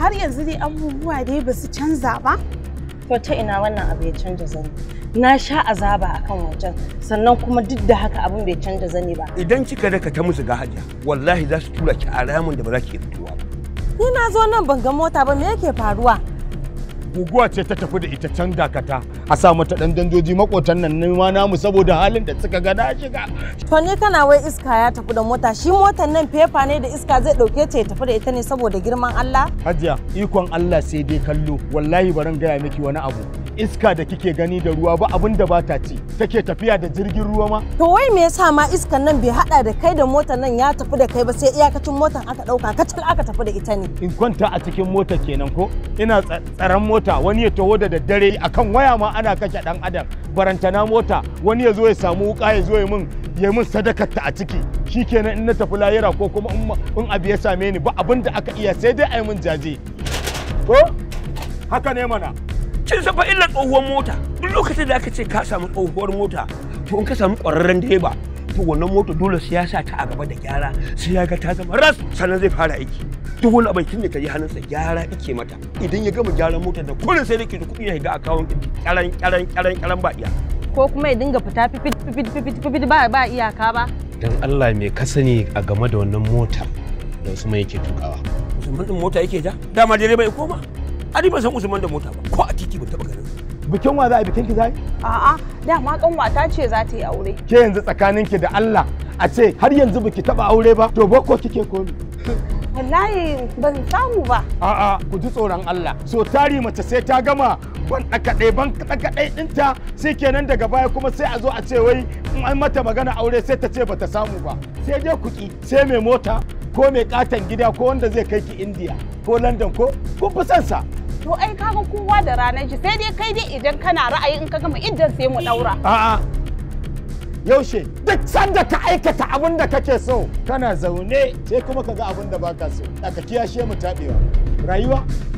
har yanzu dai abubuwa dai ba su canza ba to ta ina wannan abu ya canza zani na sha azaba a kan wajen, sannan kuma duk da haka abin bai canza zani ba idan kika daka ta musu gahaja wallahi za su tura ki a ramin da ba za ki fitowa ba ni na zo nan ban ga mota ba me yake faruwa guguwa ce ta tafi da ita can dakata a sa mata dan danjoji makotan nan nema namu saboda halin da suka ga na shiga to ne kana wai iska ya tafi da mota shi motan nan fefa ne da iska zai dauke ta ya tafi da ita ne saboda girman Allah hajiya ikon Allah sai dai kallo wallahi barin gaya miki wani abu iska da kike gani da ruwa ba abin da bata ci take tafiya da jirgin ruwa ma to wai me yasa ma iskan nan bai hada da kai da motar nan ya tafi da kai ba sai iyakacin motar aka dauka kacal aka tafi da ita ne in kwanta a cikin mota kenan ko ina tsaron mota wani ya taho da daddare akan waya ma ana kashe dan adam barantana mota wani ya zo ya samu wuka ya zo ya min ya min sadakar ta a ciki shikenan in na tafi layira ko kuma in abu ya same ni ba abin da aka iya sai dai a mun min jaje ko haka ne mana kin san fa illar tsohuwar mota duk lokacin da aka ce ka samu tsohuwar mota to in ka samu ƙwararren direba to wannan mota dole sai ya sa ta a gaba da gyara sai ya ga ta zama ras sannan zai fara aiki duk wani abin ne ka yi hannunsa gyara ake mata idan ya gama gyaran motar da kullum sai da kuɗi ya ga akawun ƙaran ƙaran ƙaran ƙaran ba iya ko kuma ya dinga fita fifit fifit fifit fifit ba ba iyaka ba dan Allah me ka sani a game da wannan motar da Usman yake tukawa Usman din mota yake ja dama direba ya koma Ari ban san Usman da mota ba ko a titi ban taba ganin Bikin wa za a bikin ki zai? A'a, ma kanwata ce za ta yi aure. Ke yanzu tsakaninki da Allah a ce har yanzu biki taba aure ba to boko kike ni Wallahi ban samu ba. A'a, ku ji tsoron Allah. So tari mace sai ta gama ban ɗakaɗe ban dai dinta sai kenan daga baya kuma sai a zo a ce wai in an mata magana aure sai ta ce bata samu ba. Sai dai ki sai mai mota ko mai katan gida ko wanda zai kai ki Indiya ko London ko kun fi son sa. To ai kaga kowa da ranar shi sai dai kai dai idan kana ra'ayi in ka gama idan sai mu daura. A'a. Yaushe duk sanda ka aikata abin da kake so kana zaune sai kuma ka ga abin da baka so. Daga kiyashe mu tabewa. Rayuwa